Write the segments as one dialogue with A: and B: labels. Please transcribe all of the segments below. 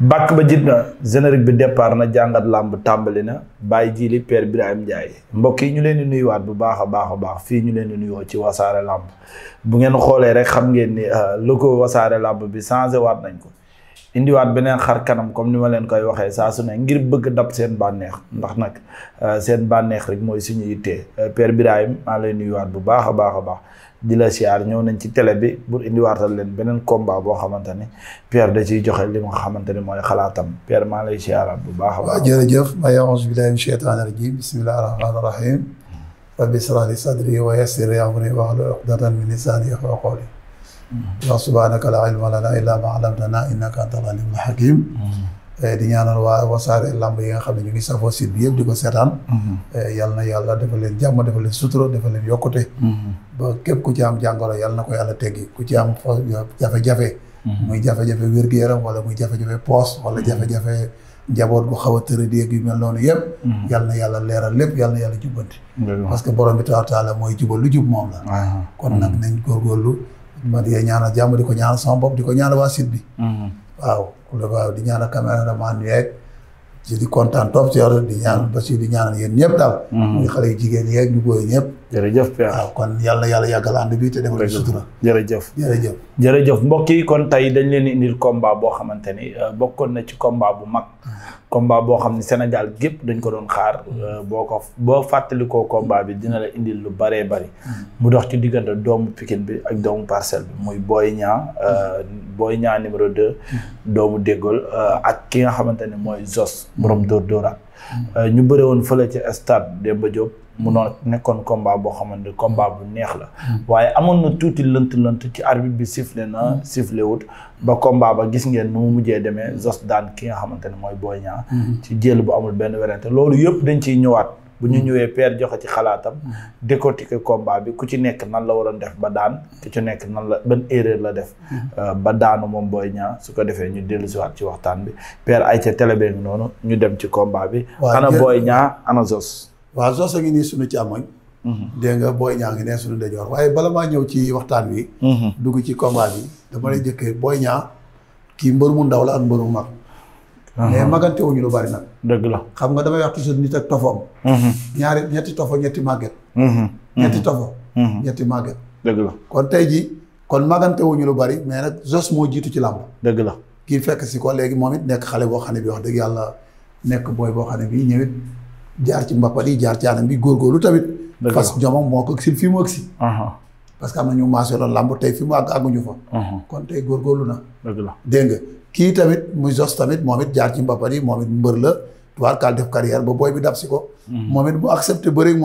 A: bàkk ba jit na
B: générique bi départ na jàngat làmb tàmbali na Baye Jili Père Birahim Ndiaye mbokk yi ñu leen di nuyuwaat bu baax a baax a baax fii ñu leen di nuyoo ci wasaare làmb bu ngeen xoolee rek xam ngeen ni euh, lu ko wasaare làmb bi changé waat nañ ko indiwaat beneen xar kanam comme ni ma leen koy waxee saa su ne ngir bëgg dab seen bànneex ndax nag euh, seen bànneex rek mooy suñu yittee euh, Père Birahim maa lay nuyuwaat bu baax a baax a baax di la siyaar ñëw nañ ci tele bi pour indiwaatal leen beneen combat boo xamante ni Père da ciy joxe li nga xamante ni mooy xalaatam Père maa lay siyaaraat bu baax a baax. waaw jërëjëf
A: ma a'uuzu billaahi mina shaytaani rajiim bismillaahi rahmaani rahiim rabbi ishrah li sadri wa wax subhaanaka laa la lanaa illaa maa allamtanaa innaka antal aliimul hakiim mm-hmm. eh, di ñaanal waa wasaare làmb yi nga xam ne ñu ngi safoo site bi yëpp di ko seetaan mm-hmm. eh, yal na yàlla defal leen jàmm defal leen sutura defal leen yokkute mm-hmm. ba képp ku ci am jàngoro yal na ko yàlla teggi ku ci am fo jafe-jafe muy jafe-jafe wér-gu-yaram wala muy jafe-jafe poos wala jafe-jafe njaboot bu xaw a tëra di yu mel noonu yëpp yal na yàlla leeral lépp yal na yàlla jubbanti parce que borom bi taala mooy jubal lu jub moom ma di ñaanal jàmm di ko ñaanal sama bopp di ko ñaanal a site bi. Mm-hmm. waaw waaw di ñaanal caméraman yeeg di kontaan trop si yow di ñaanal ba si di ñaanal yéen ñëpp daal. Mm-hmm. muy xale yu jigéen yeeg ñu góor ñëpp.
B: jërëjëf Père
A: kon yàlla yàlla yàggal ànd bi te defal ñu sutura.
B: jërëjëf jërëjëf. jërëjëf mbokk yi kon tey dañ leen indil komba boo xamante ni euh, bokkoon na ci komba bu mag. Mm. combat boo xam ne Sénégal gépp dañ ko doon xaar. Mm. Euh, boo ko boo fàttalikoo combat bi dina la indil lu baree bari. Mm. mu dox ci diggante doomu Pikine bi ak doomu parcelle bi muy Boy Niang euh, booy Niang numéro 2. doomu Dégol ak ki nga xamante ne mooy Zos borom Dóor Dóoraat. Euh, ñu bëre woon fële ci stade Demba Diop mu noon nekkoon combat boo xamante combat bu neex la waaye amoon na tuuti lënt lënt ci arbitre bi sifflé na sifflé wut ba combat ba gis ngeen nu mu mujjee demee Zos daan ki nga xamante ne mooy Boy mm-hmm. ci jël bu amul benn werante loolu yëpp dañ ciy ñëwaat bu ñu ñëwee père joxe ci xalaatam décortiquer combat bi ku ci nekk nan la waroon def ba daan ku ci nekk nan la ban erreur la def euh, ba daanu moom booy ñaa su ko defee ñu dellusiwaat ci waxtaan bi per ay ca télé noonu ñu dem ci combat bi ana booy ñaa ana zos
A: waaw zos a ngi nii suñu càmmoñ mhm. dégg nga booy ñaa ngi nee suñu ndejoor waaye bala maa ñëw ci waxtaan wi mhm. dugg ci combat bi dama lay jëkkee booy ñaa kii mbër mu ndaw la ak mbër mu mag
B: mais uh-huh. magante wuñu lu bari nag. dëgg la
A: xam nga damay wax toujours nit ak tofoom. Uh-huh. ñaari ñetti tofo ñetti màgget. Uh-huh. ñetti tofo. ñetti màgget. dëgg la kon tey jii kon magante lu bari mais nag jos moo jiitu ci làmb. dëgg la kii fekk si ko léegi moom it nekk xale boo xam ne bi wax dëgg yàlla nekk booy boo xam ne bii ñëwit jaar ci mbappat yi jaar ci anam bi góorgóorlu tamit. parce que jomam moo ko agsi fii mu agsi parce que am na ñu maasee loon làmb tey fi mu àgg àgguñu fa. kon tey góorgóorlu na. dëgg la dégg kii tamit muy Zoss tamit moom jaar ci mbappat yi moom it la tubaarkaal bi dab si ko mhm. moom it mu accepté mhm.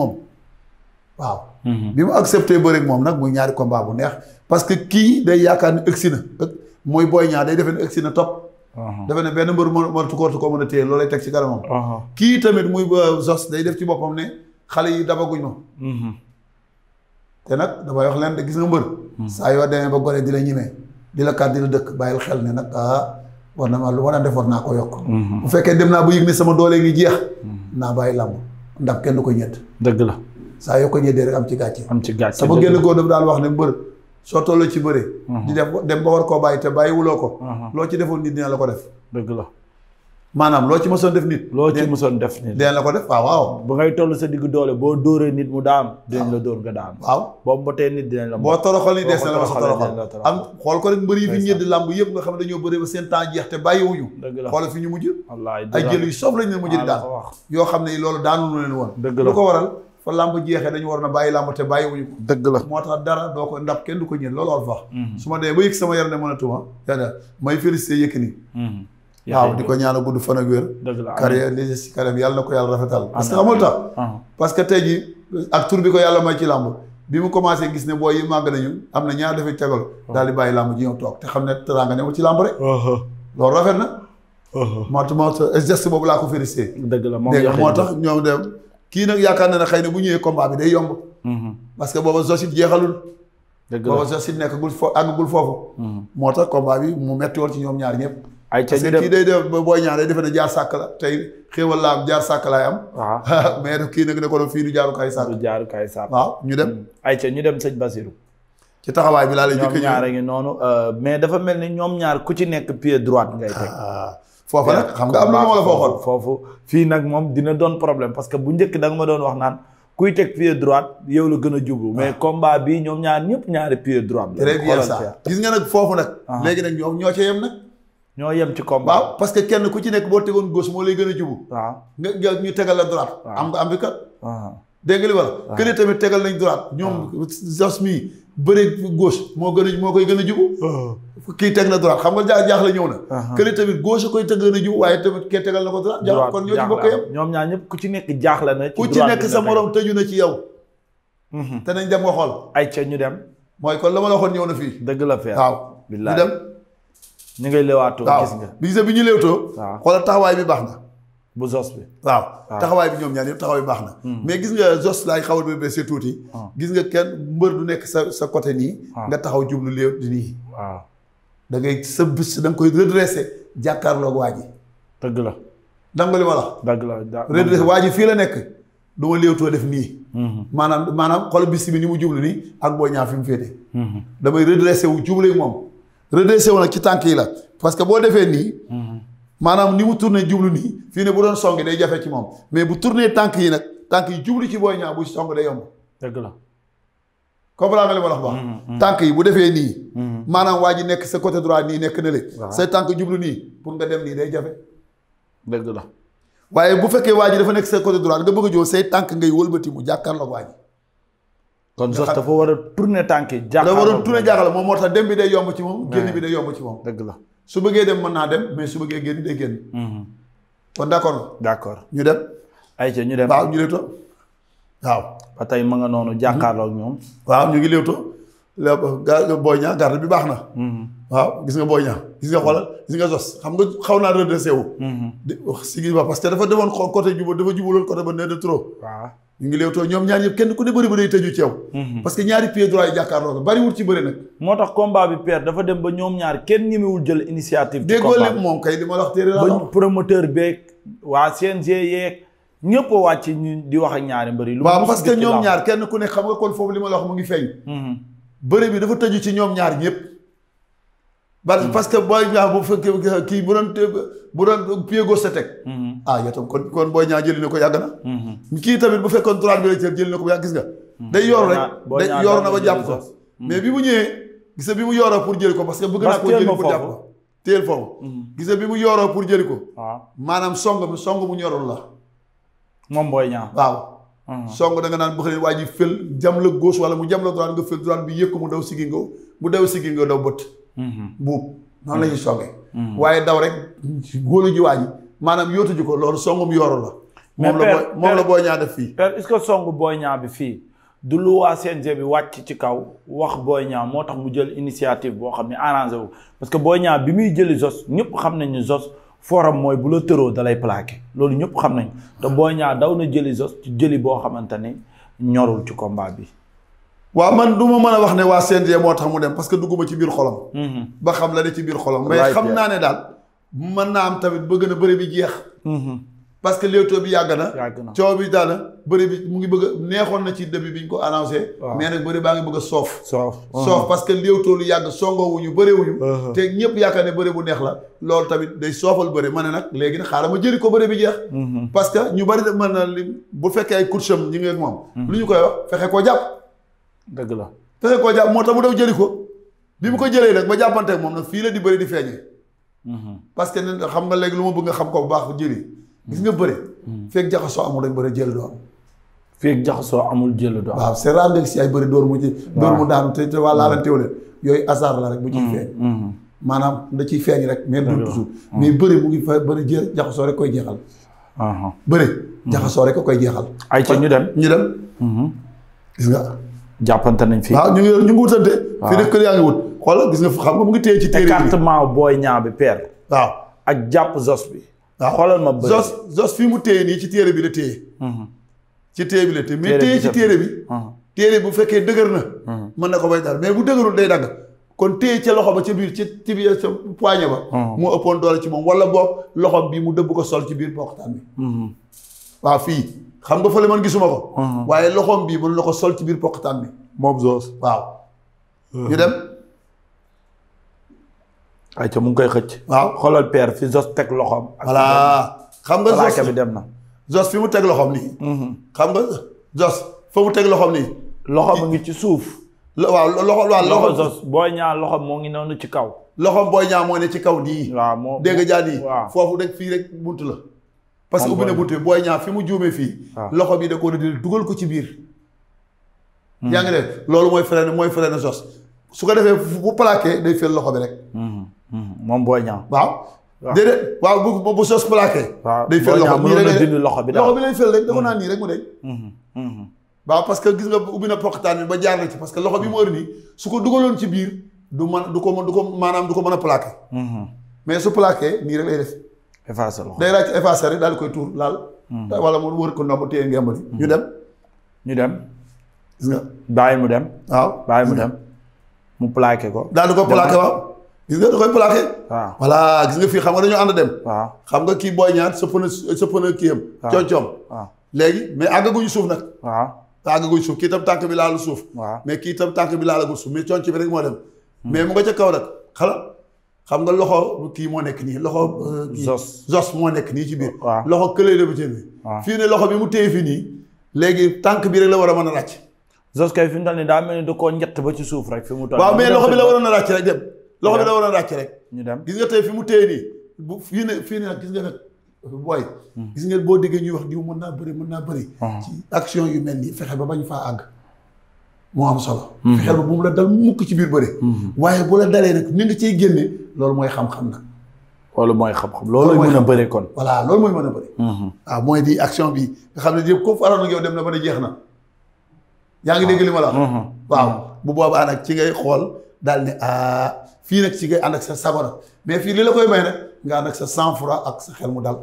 A: mu accepté bëreeg moom nag muy ñaari combat bu neex parce que kii day yaakaar ne na mooy booy ñaar day defee ne na topp mhm. dafa ne benn mbër mën tukoortu ko mën a téye loolay teg ci kanamam kii tamit euh, day def ci boppam ne xale yi dabaguñ ma te nag damay wax leen de gis nga mbër saa yoo demee ba gore di la ñimee di la kat dëkk bàyyil xel ne nag ah, war na maa lu ma daan def naa ko yokk. Mhm. bu fekkee dem naa bu yëg ne sama doolee ngi jeex. Mhm. naa bàyyi làmb ndax kenn du ko ñett. dëgg la saa yoo ko ñettee rek am ci gàcce. am ci gàcce sama génn góor daal wax ne mbër soo tolloo ci bëre. Mhm. di def dem ba war koo bàyyi te bàyyiwuloo ko. loo ci defoon nit dina la ko def. dëgg la. maanaam loo ci mësoon def nit. loo ci mësoon def nit. dinañ la ko def waaw waaw. ba ngay toll
B: sa digg doole boo dóoree nit mu daanu. dinañ la dóor nga daanu. waaw boo mbotee nit dinañ la. boo toroxal ni des na la
A: xool ko rek mbër yi fi ñëdd yëpp nga xam ne dañoo seen temps jeex te bàyyiwuñu. dëgg la xoolal fi ñu mujj. wallaay ay jël yu soof leen yoo xam ne loolu daanu leen woon. dëgg la lu ko waral. fa làmb jeexee dañu war na bàyyi làmb te bàyyiwuñu ko dëgg la moo tax dara doo ko ndab kenn du ko ñël loolu wax mhm. su ma dee ba yëg sama yaram ne mënatuma may félicité Yékini mhm. waaw di ko ñaana gudd fan ak wér. dëgg la carrière yàlla na ko yàlla rafetal. parce que xamul tax. parce tey jii ak tur bi ko yàlla may ci làmb bi mu commencé gis ne booy yi am na ñaar dafay tegal. daal di bàyyi xam ne teraanga newul ci làmb rek. loolu na. moo tax moo boobu laa ko félicité. dëgg la moo tax ñoom dem kii nag yaakaar na ne xay na bu ñëwee combat bi day yomb. parce que booba Zosit jeexalul. dëgg la nekk Zosit nekkagul fo àggagul foofu. moo tax combat bi mu metti woon ci ñoom ñaar ñëpp ay ca ñu dem kii day def booy ñaan day defe ne jaar sàkk la tey xéewal laa am jaar sàkk laay am. waaw ah. mais kii nag ne ko doon fii du jaarukaay sàkk. du jaarukaay sàkk. waaw ñu dem. Mm. ay ca ñu dem sëñ ci taxawaay bi laa lay. njëkk ñoom ñaar
B: a noonu euh, mais dafa mel ni ñoom ñaar ku ci nekk pied droite ngay teg. Ah, ah. xam nga am na moo foofu fii nag moom dina doon problème parce que bu njëkk da ma doon wax naan kuy teg pied droite yow la gën a jublu mais combat bi ñoom ñaar ñëpp ñaari pied droite
A: la. très bien foofu nag. léegi nag ñoom ñoo ca yem nag ñoo yem ci combat waaw parce que kenn ku ci nekk boo tegoon gauche moo lay gën a jubu. waaw nga ñu tegal la droite. am nga am bi kat. dégg nga li wala kële tamit tegal nañ droite ñoom jos mii bëri gauche moo gën moo koy gën a jubu kii teg na droite xam nga jaa jaaxle ñëw na kële tamit gauche koy teg gën a jubu waaye tamit kee tegal na ko droite jaax kon ñoo ci bokk yam ñoom ñaar ñëpp ku ci nekk jaaxle na ku ci nekk sa morom tëju na ci yow mhm. te nañ dem nga xool ay ca ñu dem mooy kon la ma la waxoon ñëw na fii dëgg la fee waaw ñu dem ñu ngay leewaatoo gis nga bi gisee bi ñu leewtoo xoolal taxawaay bi baax na bu zos bi waaw taxawaay bi ñoom ñaar taxaw taxawaay bi baax na hmm. mais gis nga zos laay xawal ba baissé tuuti hmm. gis nga kenn mbër du nekk sa sa côté nii hmm. nga taxaw jublu léew nii waaw da ngay sa bis danga nga koy redressé jàkkaarloog waa ji dëgg la danga li ma la dëgg la waa ji fii la nekk du ma def nii maanaam maanaam xol bis bi ni mu jublu nii ak boo ñaar fi mu féete damay redressé wu jublu moom redressé wu nag ci tànk yi la parce que boo defee nii. maanaam ni mu tourné jublu nii fii ne bu doon song day jafe ci moom mais bu tourné tànk yi nag tànk yi jublu ci booy ñaa bu song day yomb. dëgg la. comprends nga li ma la wax mm-hmm, mm-hmm. tànk yi bu defee nii. Mm-hmm. maanaam waa ji nekk sa côté droit nii nekk na le. say tànk jublu nii pour nga dem nii day jafe. dëgg la. waaye bu fekkee waa ji dafa nekk sa côté droit nga bëgg a jóg say tànk ngay wëlbati mu jàkkaarloog waa ji kon Zoss dafa war a tourner tànk yi. jaaxal a tourner jaaxal moom moo tax dem bi day yomb ci moom. Eh. génn bi day yomb ci moom. dëgg la su bëggee dem mën naa dem mais su bëggee génn day génn. Mm-hmm. kon d' accord. ñu dem. ayca ñu dem waaw ñu léewtoo waaw. ba tey nga noonu mm-hmm. jàkkaarloo ñoom. waaw ñu ngi léewtoo. la ga booy ñaa garde bi baax na. Mm-hmm. waaw gis nga booy ñaa gis nga xoolal gis nga Zoss xam nga xaw naa redressé wu. di wax si gi ba parce que dafa demoon côté juba dafa jubaloon côté ba nee de trop. waaw ñu ngi léewtoo ñoom ñaar ñëpp kenn ku ne bëri ba day tëju ci yow mhm. parce que ñaari pied droit yi jàkkaarloo ko bariwul ci bëri nag moo tax combat bi père dafa dem ba ñoom ñaar kenn ñemewul jël initiative déggoo lépp moom kay li ma la wax
B: téere la ba promoteur beeg waa CNG ñu di wax ñaari mbëri lu waaw parce que ñoom ñaar
A: kenn ku ne xam nga kon foofu li ma la wax mu ngi feeñ mhm. bëri bi dafa tëju ci ñoom ñaar ñëpp parce que booy ñaax bu fekkee kii bu doon bu doon pied gauche sa teg. Mm-hmm. ah yow tam kon kon booy ñaax jëli na ko yàgg na. Mm-hmm. kii tamit bu fekkoon droite bi la jël ko ba yàgg gis nga. Mm-hmm. day yor rek day yor na ba jàpp ko. mais bi mu ñëwee gis nga bi mu yoroo pour jëli ko parce que bëgg naa ko bi mu yoroo pour jëli ko. Ah. maanaam song bi song bu ñoroon la. moom booy ñaax waaw. song da nga naan bu xëy waa ji fël jam la gauche wala mu jam la droite nga fël droite bi yëkk mu daw sigi nga mu daw sigi nga daw Mm-hmm. buub noonu la ñuy mm-hmm. songee. Mm-hmm. waaye daw rek góolu ji waa maanaam yóotu ko loolu songum yooru la. moom la booy moom la booy ñaa def fii. père
B: est que songu booy ñaar bi fii du lu waa CNG bi wàcc ci kaw wax booy ñaa moo tax mu jël initiative boo xam ne arrangé wu parce que booy ñaar bi muy jëli zos ñëpp xam nañ ni zos forum mooy bu la tëroo dalay plaqué loolu ñëpp xam nañ te booy ñaa daw na jëli zos ci jëli boo
A: xamante ni ñorul ci combat bi. waaw man du ma mën a wax ne waa CNG moo tax mu dem parce que dugguma ci biir xolam. Mhm. ba xam la ne ci biir xolam. mais xam naa ne daal mën naa am tamit bëgg na bëri bi jeex. Mhm. parce que Leewtoo bi yàgg na. coow bi daal bëri bi mu ngi bëgg a neexoon na ci début bi ñu ko annoncé. mais baa ngi bëgg a soof. soof mhm. soof parce que Leewtoo lu yàgg songoowuñu bëriwuñu. Uh-huh. te ñëpp yaakaar ne bëri bu neex la. loolu tamit day soofal bëri ma ne nag léegi nag xaaral ma ko bëri bi jeex. parce que ñu bëri mën na bu fekkee ay coacham ñi ngi moom. lu ñu koy wax fexe koo jàpp. dëgg la tese koo jàpp moo tax mu def jëli ko bi mu ko jëlee nag ba jàppanteeg moom nag fii la di bëri di feeñee mhm. parce que ne xam nga léegi lu ma bëgg nga xam ko bu baax jëli gis nga bëri mhm. feeg jaxasoo amul rek jël jëli doo am feeg jaxasoo amul jël doo am waaw c'est rare nga si ay bëri dóor mu ci dóor mu daanu te te waa laalanteew leen yooyu hasard la rek bu ciy mhm. feeñ maanaam da ciy feeñ rek mais du toujours mais bëri mu ngi fa bëri jë jaxasoo rek koy jeexal uh-huh. bëri jaxasoo rek koy jeexal ay ca ñu dem ñu de
B: gis nga jàppante nañ fii. waaw ah, ñu ngi ñu ngi wutante. waaw ah. yaa ngi wut. xoolal gis nga xam nga mu ngi téye ci téere bi écartement booy ñaa bi waaw ah. ak jàpp zos bi. waaw xoolal ma bëri zos
A: zos fii mu téye nii ci téere bi la téye. Mhm. ci téere bi la téye mais téye ci téere bi. Mhm. téere bu fekkee dëgër na. Mhm. mën na ko bay dara mais bu dëgërul de dagg. kon téye ca loxo ba ca biir ci ci biir sa ba. moo ëppoon doole ci moom wala boog loxo bi mu dëbb ko sol ci biir poxtaan bi. waaw fii. xam nga fële man gisuma ko. Uh-huh. waaye loxoom bii mën na ko sol ci biir poqtaan bi. moom Zoss waaw. Uh-huh. ñu dem.
B: ay ca mu ngi koy xëcc.
A: waaw xoolal père fi Zoss teg loxoom. voilà xam nga Zoss dem na. Zoss fi mu teg loxoom nii. Uh-huh. xam nga jos foofu teg loxoom nii. loxoom ngi ci suuf. waaw loxo loxo Zoss booy ñaar loxoom moo ngi noonu ci kaw. loxoom booy ñaar moo ne ci kaw nii. waaw moo dégg nga foofu rek fii rek buntu la. parce que ubbi na bunt bi booy ñaar fi mu juume fii ah. bi dugal ko ci biir hmm. yaa ngi def loolu mooy freiné mooy freiné Zoss su ko defee bu plaqué day fël loxo bi rek hmm. Hmm. moom booy ñaar waaw déedéet waaw bu bu Zoss plaqué
B: day fël loxo bi loxo bi lay fël
A: rek da ko naan nii rek mu na poqtaan bi ba jaar na ci parce que loxo bi mu ër nii su ko dugaloon ci biir du man du ko du ko maanaam du ko mën a plaqué mais su plaqué nii rek lay def effacer loxo day ràcc effacer rek daal di koy tuur laal. Hmm. wala mu wër ko ndomb téye ngemb li ñu dem. ñu dem.
B: gis nga bàyyi mu dem. waaw bàyyi mu dem. mu plaqué ko. daal di ko plaqué
A: waaw. gis nga da koy plaqué. waaw voilà gis nga fii xam nga dañoo ànd dem. waaw xam nga kii booy ñaar sëpp na sëpp na kii am. waaw waaw léegi mais àggaguñu suuf nag. waaw te àggaguñu suuf kii tam tànk bi laalu suuf. waaw mais kii tam tànk bi laalagul suuf mais coon ci rek moo dem. Hmm. mais mu ca kaw nag xam nga loxo kii moo nekk nii loxo. Euh, zos zos moo nekk nii ci biir. loxo kële bu ci biir. fii loxo bi mu téye fii nii. léegi tànk bi rek la war a mën a ràcc. zos fi mu toll nii daa mel ni da koo njett ci suuf rek. fi mu toll waaw mais loxo bi la waroon a ràcc rek dem. loxo bi a ràcc rek. ñu dem gis nga tey fi mu téye nii bu fii ne fii ne nag gis nga nag booy. Hmm. gis nga boo déggee ñuy wax diw mun naa bëri mën naa bëri. Hmm. ci action yu mel nii fexe ba bañ faa àgg. moo am solo. Mhm. fexeel ba bu mu la dal mukk ci biir bëre. Mhm. waaye bu la dalee nag ni nga cey génne loolu mooy xam-xam nag. loolu mooy xam-xam loolu mooy mën a bëre kon. voilà loolu mooy mën a bëre. waaw mhm. ah, mooy di action bi nga xam ne yëpp koo faroon ak yow dem na ba ne yaa ngi dégg li ma la wax. bu boobaa nag ci ngay xool daal ne ah fii nag ci ngay ànd ak sa sabara mais fii li la koy may nag nga ànd ak sa sang froid ak sa xel mu dal.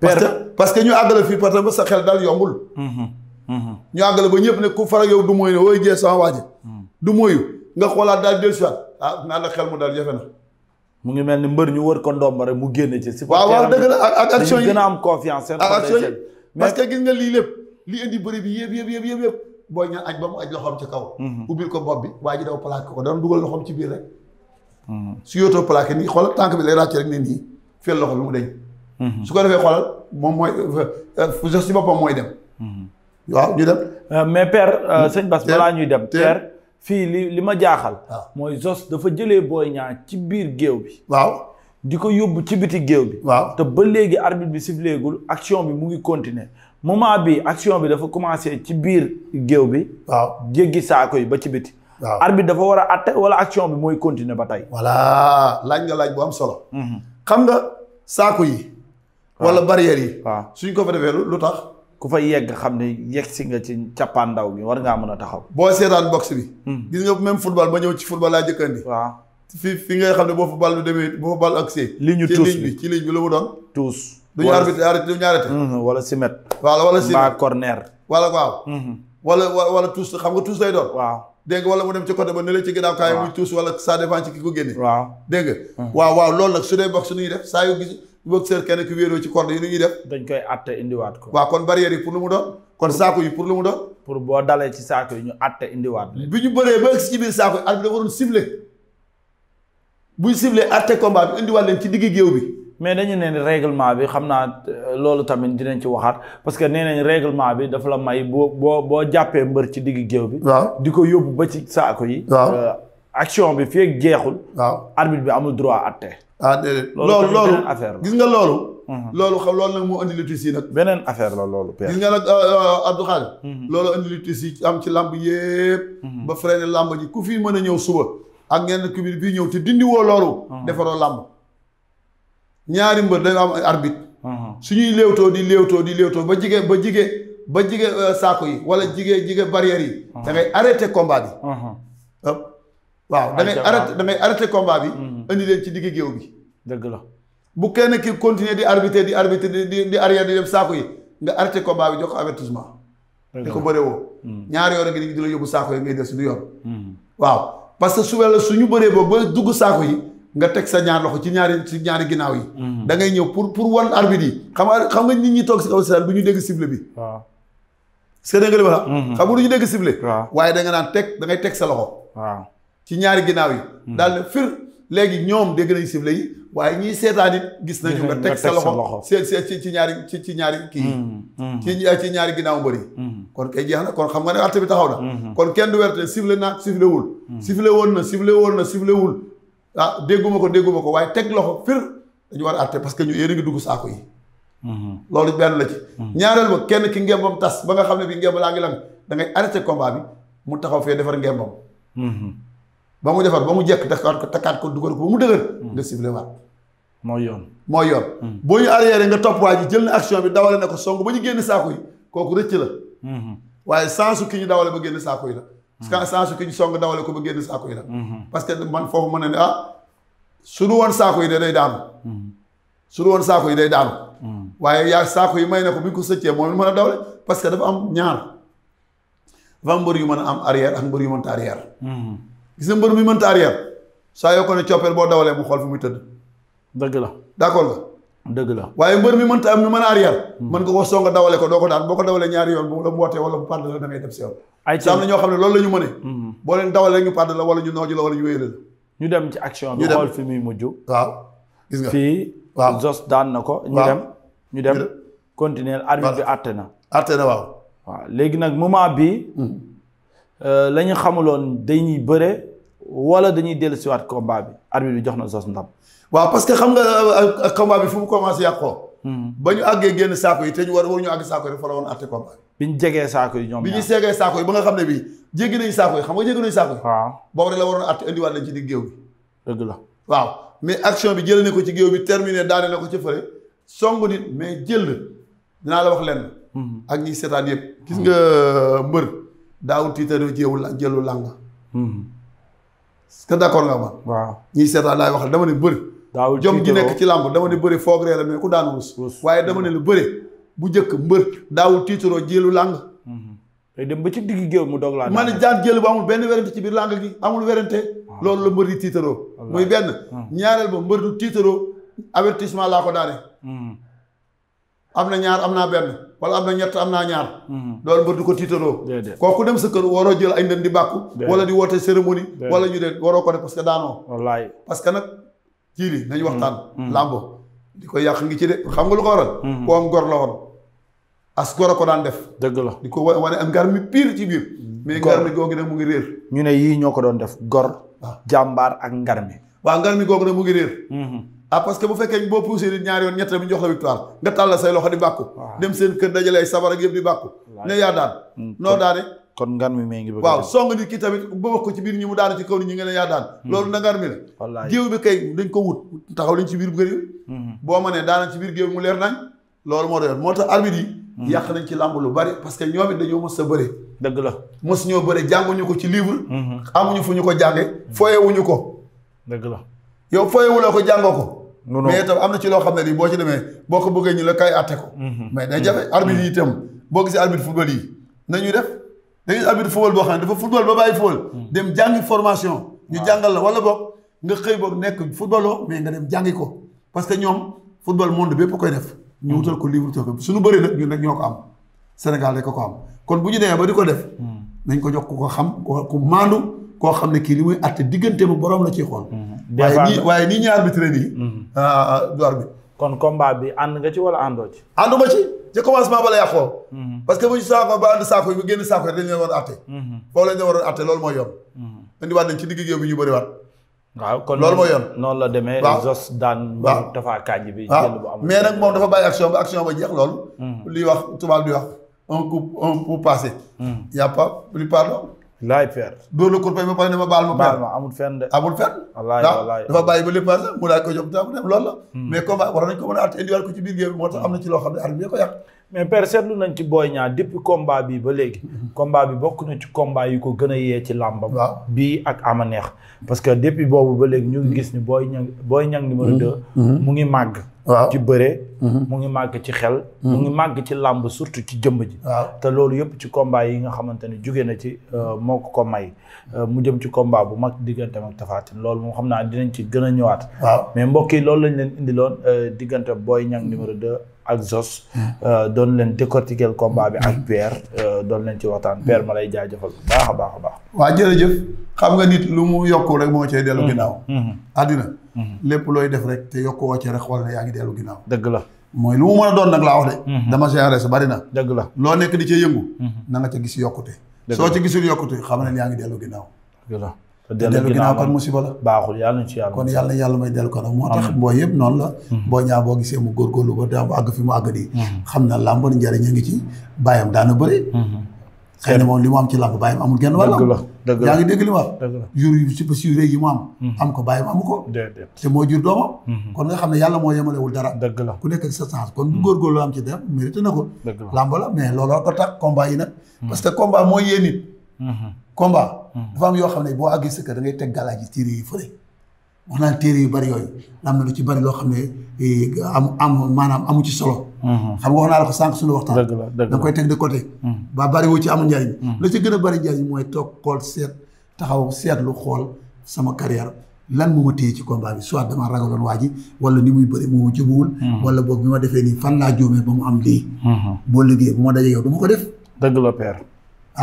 A: parce que parce que ñu àggale fii parce que sa xel dal yombul. ñu àggale ba ñëpp ne ku faral yow du mooy ne wooy jee sama waaji du mooyu nga xoolaat daal del suit ah naa la xel mu daal jafe na
B: mu ngi mel ni mbër ñu wër ko ndomba rek mu génn ci si waaw waaw dëgg la ak action am
A: confiance parce que gis nga lii lépp li indi bi yëpp yëpp yëpp yëpp booy ba mu aj loxoom ci kaw mhm. ubbil ko bopp bi waa ji daw plaqué ko dana dugal loxoom ci biir rek mhm. su yootoo plaqué bi lay ràcc rek ne nii feel loxo bi mu deñ mhm. su ko defee xoolal moom mooy euh, euh, si boppam mooy dem waaw ñu dem. Euh, mais père euh, sëñ Bass balaa ñuy dem. père fii li li ma jaaxal.
B: Ah. mooy Zoss dafa jëlee booy Niang ci biir géew bi. waaw di ko yóbbu ci biti géew bi. waaw te ba léegi arbitre bi sifleegul action bi mu ngi continuer moment bi action bi dafa commencé ci biir géew bi. waaw jéggi saako yi ba ci biti. waaw arbitre dafa war a atte wala action bi mooy continuer ba tey.
A: voilà laaj nga laaj bu am solo. Mhm. xam nga saako yi. wala barrière yi. waaw suñ ko fa defee lu ku fa yegg xam ne
B: yegg si nga ci cappaandaw bi war ngaa mën a taxaw.
A: boo seetaan box bi. Hmm. gis nga même football ba ñëw ci football laa jëkkandi. waaw fi fi nga xam ne boo football lu demee boo football ak see. li ñu tuus bi ci ligne bi lu mu doon. tuus. du ñu arbitre du ñu arrêté. Hmm, wala simet. wala wala simet mbaa waaw. Hmm. wala tuus xam nga tuus lay doon. waaw dégg nga mu dem ci côté ba ne la ci ginnaaw kaay muy tuus wala ça dépend ci ki ko génne. waaw dégg waaw boxeur kenn ki wéeroo ci corde yi nu ñuy def. dañ koy àtte indiwaat ko. waa kon barrière yi pour lu mu doon. kon saako yi pour lu mu doon. pour boo dalee ci saako yi ñu àtte indiwaat. bi ñu bëree ba si biir saako yi at bi dafa doon ciblé buy ciblé àtte ci digg géew bi. mais dañu
B: ne règlement bi xam naa euh, loolu tamit dinañ ci waxaat parce que nee nañ règlement bi dafa la may boo boo boo jàppee mbër ci digg géew bi. waaw di ko yóbbu ba ci saako yi. waaw euh, action bi fii jeexul. waaw arbitre bi amul droit àtte. ah déedéet loolu loolu affaire la gis
A: nga loolu. Mhm. loolu xam loolu nag moo indi litis yi nag. beneen affaire la loolu. gis nga nag euh, euh, Abdou Khadre. Mhm. loolu indi litis yi am ci làmb yépp. Mhm. ba freiné làmb ji ku fi mën a ñëw suba. ak ngeen kubir bi ñëw te dindi woo loolu. defaroo làmb. ñaari mbër dañu am arbitre. suñuy léewtoo di léewtoo di léewtoo ba jige ba jige ba jige euh, saako yi wala jige jige barrière yi. da ngay arrêté bi. waaw da ngay arrêté da ngay bi. indi leen ci digg géew bi. dëgg la bu kenn ki continuer di arbitrer di arbitrer di di arrière di dem saako yi nga arrêté combat bi jox ko avertissement. di ko bëree woo. Hmm. ñaari yoon ngi di la yóbbu saako yi ngay def si yoon. Hmm. waaw parce que su suñu bëree boobu ba dugg saako yi nga teg sa ñaar loxo ci ñaari ci ñaari ginnaaw yi. Hmm. da ngay ñëw pour pour wan arbitre yi xam nga xam nga nit ñi toog si kaw si bu ñu dégg cible bi. waaw est-ce que dégg nga li ma la. xam nga du dégg cible. waaye da nga naan teg da ngay teg sa loxo. waaw ci ñaari ginnaaw yi. léegi ñoom dégg nañ sifle yi waaye ñiy seetaan it gis nañu nga teg sa loxo seet seet ci ci ñaari ci ci ñaari kii mm-hmm. Mm-hmm. ci ci ñaari ginnaaw mbër yi mm-hmm. kon kay jeex na kon xam nga ne àtte bi taxaw na kon kenn du werte sifle naag sifle wul woon na sifle woon na sifle wul ah dégguma ko dégguma ko waaye teg loxo fir dañu war a àtte parce que ñu yéen a ngi dugg saako yi loolu benn la ci ñaareel ba kenn ki ngembam tas ba nga xam ne bi ngemb laa ngi lang da ngay arrêté combat bi mu taxaw fee defar ngembam ba mu defar ba mu jekk takkaat ko takkaat ko dugal ko ba mu dëgër nga hmm. ciblé waat mooy yoon mooy yoon hmm. boo ñu arrière nga topp waa ji jël na action bi dawale ne ko song ba ñu génn saako yi kooku rëcc la hmm. waaye sensu ki ñu dawale ba génn saako yi la parce que sensu ki dawale ko ba génn saako yi la parce que man foofu mën na ne ah suñu woon saako yi de day daanu suñu woon saako yi day daanu waaye yaa saako yi may na ko bi ñu ko sëccee moom mën a dawale parce que dafa am ñaar dafa mbër yu mën a am arrière ak mbër yu mënta arrière gis na mbër mi mënta arrière saa yoo ne coppeel boo dawalee mu xool fi muy tëdd. dëgg la d'accord la. dëgg la waaye mbër mi mënta am mën a arrière. Hmm. mën nga ko songa dawale ko doo ko daan boo ko dawalee ñaari yoon bu mu wootee wala mu pàdd la da ñu hmm. boo leen dawalee ñu pàdd la wala ñu nooju la wala ñu wéyale la. ñu dem ci action bi xool fi
B: muy mujj. waaw gis nga fii. waaw daan na ko. ñu dem ñu dem continuer arbitre bi àtte na. àtte na waaw. waaw léegi nag moment bi hmm. Euh, la ñu xamuloon dañuy bëre wala
A: dañuy dellu siwaat combat bi arbitre bi jox na Zoss ndam waaw parce que xam nga euh, combat bi fu mu commencé yàqoo hmm. ba ñu àggee génn saako yi te ñu war war ñu àgg saako yi dafa la woon àtte combat bi ñu jegee saako yi ñoom bi ñu seegee saako yi ba nga xam ne bi jéggi nañu saako yi xam nga jéggi nañu saako yi waaw boobu rek la waroon àtte indiwaat lañ ci digg géew bi dëgg la waaw mais action bi jël na ko ci géew bi terminé daane na ko ci fële song nit mais jël dinaa la wax lenn hmm. ak ñi seetaan yëpp gis hmm. nga euh, mbër daawul tiitaroo jéewu la jëlu làng. Hmm. est-ce que d'accord nga man. waaw seetaan laay waxal dama ne bëri. daawul jom ji nekk ci làmb dama ne bëri foog reer mais ku daan rus. waaye dama ne lu bëri bu njëkk mbër daawul tiitaroo jéelu làng.
B: day
A: hmm. dem ba ci digg géew mu doog laa. ma ne jaan jéelu bu amul benn werante ci biir làng gi amul werante. Ah. loolu la mbër di tiitaroo. muy benn. Hmm. ñaareel ba mbër du tiitaroo avertissement laa ko daane. am na ñaar am naa benn. wala am na ñett am naa ñaar mm-hmm. loolu ba du ko tiitaloo kooku dem sa kër waroo jël ay ndem di bàkku wala di woote cérémonie wala ñu dee waroo ko def parce que daanoo wallaay parce que nag jii li nañu waxtaan mm-hmm. lambo di ko yàq ngi ci de xam nga lu ko waral mm-hmm. koo am gor la woon as gor a ko daan def dëgg la di ko wane am ngar mi pire ci biir mais ngar mi googi nag mu ngi réer ñu ne yii ñoo ko doon def gor ah. jàmbaar ak ngar mi waaw ngar mi googu nag mu ngi réer mhm. ah parce que bu fekkee boo poussé nit ñaari yoon ñett bi ñu jox la victoire nga tàll say loxo di bàkku dem seen kër dajale ay sabar ak yëpp di bàkku ne yaa daan mm. noo
B: kon ngar mi mee ngi bëgg waaw
A: song nit ki tamit ba wax ko ci biir ñi mu daanu ci kaw nit ñi nga ne yaa daan mm. loolu na ngar mi la géew bi kay dañ ko wut taxaw lañ ci biir bu gëri mm-hmm. boo ma ne daana ci biir géew mu leer nañ loolu moo doon moo tax arbitre yi mm. yàq lu bari parce que ñoom it dañoo mës sa bëre dëgg la mës ñoo ko ci livre mm-hmm. amuñu fu ñu ko jànge fooyewuñu ko la yow fooy wuloo ko jàngoo ko. mais itam am na ci loo xam ne lii boo ci demee boo ko bëggee ñu la kay àtte ko. Mhm. mais day jafe mhm. arbitre yi mhm. itam boo gisee arbitre football yi nañuy def dañuy arbitre football boo xam ne dafa football ba bàyyi football. dem jàngi formation. ñu jàngal la wala boog nga xëy boog nekk footballoo mais nga dem jàngi ko parce que ñoom football monde bépp koy def. ñu wutal ko livre ko suñu bëree nag ñun nag ñoo ko am Sénégal rek ko ko am kon bu ñu demee ba ko def. nañ ko jox ku ko xam ku koo xam ne kii li muy àtte diggante bu borom la ciy xool.
B: Mhm. waaye nii waaye nii
A: ñu arbitré nii. du mhm. arbitre. Ah, ah, kon combat bi ànd nga ci wala àndoo ci. ànduma ci commencement ba la yàqoo. Mhm. parce que bu ñu saako ba ànd saako yi bu génn saako yi dañu leen war a àtte. a ci digg géew bi ñu bëriwaat.
B: waaw kon loolu mooy yoon noonu la demee. waaw daan. waaw dafa kàjj bi. jël bu am
A: mais nag moom dafa bàyyi action ba action ba jeex loolu. li wax tubaab di wax un coup un coup passé. a laay fer. dóor la kurpañ ba ne ma baal ma. baal ma amul fenn de. amul fenn. wallaay wallaay dafa bàyyi ba lépp passé mu daal hmm. ko jox a ko ci biir géew moo tax am na ci loo xam ne arbitre bi ko yàq. mais per seetlu nañ ci booy Niang dépp combat bi ba
B: léegi. Hmm. combat bi bokk na ci combat yi ko gën a yee ci làmbam. waaw bii ak ama neex. parce que depuis boobu ba léegi ñu ngi gis ni booy Niang Boy Niang numéro 2. Hmm. mu ngi màgg. waaw ci bëre. Mhm. mu ngi màgg ci xel. Mhm. mu ngi màgg ci làmb surtout ci jëmb ji. waaw te loolu yëpp ci combat yi nga xamante ne jóge na ci euh, moo ko ko may. Euh, mu jëm ci kombaa bu mag diggante ak Tapha Tine loolu moom xam naa dinañ ci gën a ñëwaat. waaw mais mbokk yi loolu lañ leen indiloon euh, diggante booy Niang numéro de ak Zos. Hmm. doon leen décortiquer kombaa bi ak Père doon leen ci waxtaan Père ma lay jaajëfal bu baax a baax baax.
A: waa jërëjëf xam nga nit lu mu yokku rek moo cay dellu hmm. ginnaaw. Hmm. Mhm. lépp looy def rek te yokk wàcce rek xool ne yaa ngi dellu ginnaaw dëgg la mooy lu mu mën a doon nag laa wax de mhm. dama CRS bari na la loo nekk di ci yëngu mhm. na nga ca gis yokkute soo ci gisul yokkute xam ne yaa ngi dellu ginnaaw te dellu ginnaaw kon musiba la baaxul yàlla ci yàlla kon moo tax boo yëpp noonu la boo ñaa boo gisee mu góorgóorlu ba daa bu àgg fi mu àgg di xam na làmb njëriñ a ngi ci bàyyam daana bëri xëy na moom li mu am ci làmb bàyyam amul genn wàll dëgg la dëgg la dëgg la jur yu si si réy yi mu am mhm. am ko bàyyam amu ko te moo jur doomam mhm. kon nga xam ne yàlla moo yemalewul dara dëgg la ku nekk ak sa chance kon bu mhm. góorgóorlu am ci def mérité na ko làmb la mais looloo ko tax combat yi nag parce combat mooy yéen nit combat dafa am yoo xam ne boo àggee sa kër da ngay teg galaaj yi tiir yi fële wax naa téere yu bari yooyu am na lu ci bari loo xam ne eh, am am maanaam amu ci solo. Mm-hmm. xam nga wax naa la ko sànq suñu waxtaan. dëgg la danga koy teg de côté. Mm-hmm. ba bari ci amul njariñ. Mm-hmm. lu ci gën a bari njariñ mooy toog xool seet taxaw seetlu xool sama carrière lan moo ma téye ci combat bi soit dama ragaloon waa ji wala ni muy bëri moo ma jubuwul. wala boog bi ma defee nii fan laa joomee ba mu am lii. boo liggéey bu ma dajee yow du ma ko def. dëgg la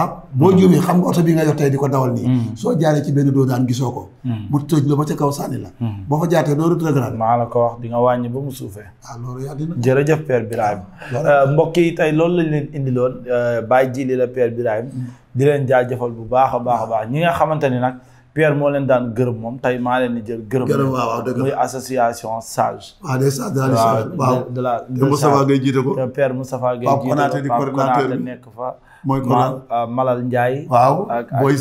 A: ah boo juumee xam nga oto bi nga yor tey di ko dawal nii. Hmm. soo jaaree ci benn doo daan gisoo ko. Hmm. mu tëj la ba ca kaw sànni la. Hmm. boo fa jaatee doo retrograde. maa la ko wax di nga wàññi ba mu suufee. ah
B: loolu yaa dina jërëjëf Père Birahim. Euh, mbokk yi tey loolu lañ leen indiloon euh, bàyyi ji li la Père Birahim. di leen jaajëfal bu baax a baax a baax ñi nga xamante ni nag. Pierre moo leen daan gërëm moom tey maa leen di jël gërëm. gërëm association Sage. waaw ah, des sages daal waaw de la de Moustapha jiite ko. Pierre Moustapha Gueye jiite ko fa. mooy ah, Malal Ndiaye. waaw Boy ak Boy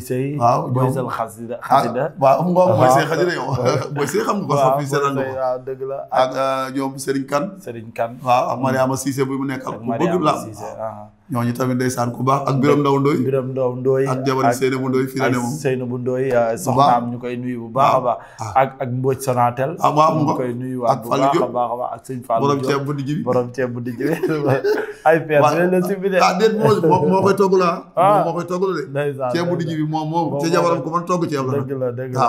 B: Sey. waaw Boy Sey xasida xasida.
A: Ah, waaw am nga Boy Sey xasida yow. Boy Sey xam waaw dëgg la ak euh, ñoom Serigne Kane. Serigne Kane. waaw ak Mariama Cissé bu mu nekk ak. ak Mariama Cissé bu bëgg la ñooñu tamit ndeysaan ku baax ak Biram Ndaw Ndoy Biram Ndaw Ndoy ak jabari Seynabou Ndoy fii la ne moom Seynabou Ndoy ah, soxnaam ñu
B: koy nuyu bu baax a baax ah. ak ak Mbodj Sonatel ah waaw ñu koy nuyu waat bu baax a baax baax ak sëñ Fallou borom ceeb bu dijj bi borom ceeb bu dijj bi ay père la si bi de ah déet moo moo koy togg la ah. moo
A: koy togg la de ceeb bu dijj bi moom moom ca jabaram ko mën togg ceeb la dëgg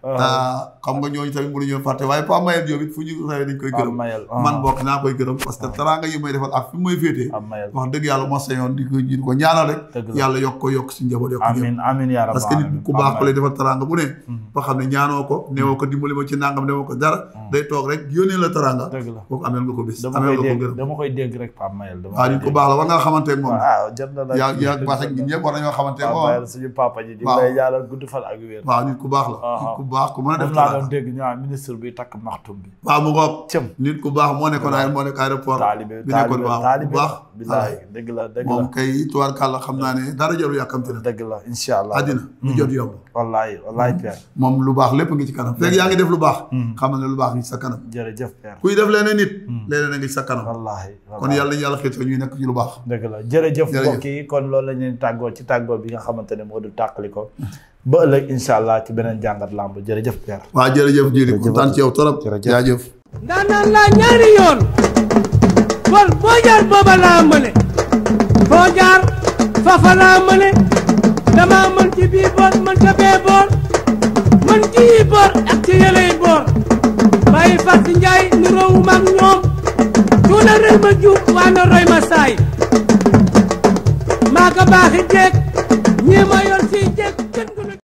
A: xam nga ñooñu tamit mënuñoo fàtte waaye Pa Mayel Diop it fu ñu sawee dañ koy gërëm man bokk naa koy gërëm parce que teraanga yi may defal ak fi may féetee wax dëgg yàlla ma sañoon di ko di ko ñaanal rek yàlla yokk ko yokk si njaboot yokk amiin amiin yaa rabbi parce que nit ku baax ko lay defal teraanga bu ne mhm. ba xam ne ñaanoo ko mhm. newoo ko dimbali ma ci nangam newoo ko dara mhm. day toog rek yónnee la teraanga kooku ameel nga ko bis ameel nga ko gërëm dama
B: koy dégg rek Pa Mayel waaw nit ku baax la war nga xamante ak moom yaa yaa baax ak ñëpp war nañoo xamante ak moom suñu papa ji di lay yàlla gudd fan ak wér waaw nit ku baax la baax ku mën a def. laa doon dégg ñu ministre bi takk maxtum bi.
A: waaw mu ngoog. cëm nit ku baax moo nekkoon ay moo nekk aéroport. taalibe taalibe taalibe baax bu baax. dëgg la dëgg la xam naa ne dara jarul yàkkamti na. dëgg la incha allah àddina lu hmm. jot yomb. wallaay wallaay hmm. père. moom lu baax lépp ngi ci kanam. fekk hmm. yaa ngi def lu baax. xam ne lu baax ngi ci sa kanam. jërëjëf père. kuy def leneen nit. leneen a ngi ci sa kanam. wallaahi kon yàlla yàlla xeetoo ñuy nekk ci lu baax. dëgg la jërëjëf mbokk yi
B: kon loolu la ñuy tàggoo ci tàggoo bi nga xamante ne moo du tàqali ko ba ëllëg incha ci beneen jàngat làmb jërëjëf Père.
A: waaw jërëjëf Djily kontaan ci yow trop jaajëf.
B: ndaanaan laa ñaari
A: yoon kon boo booba laa mëne boo jaar fafa laa mëne mën ci mën ca bee ci yi boor ak ci njaay nu roowu mag ñoom tuuna rëy ma waa na roy maa ko baaxi ñii ma yor si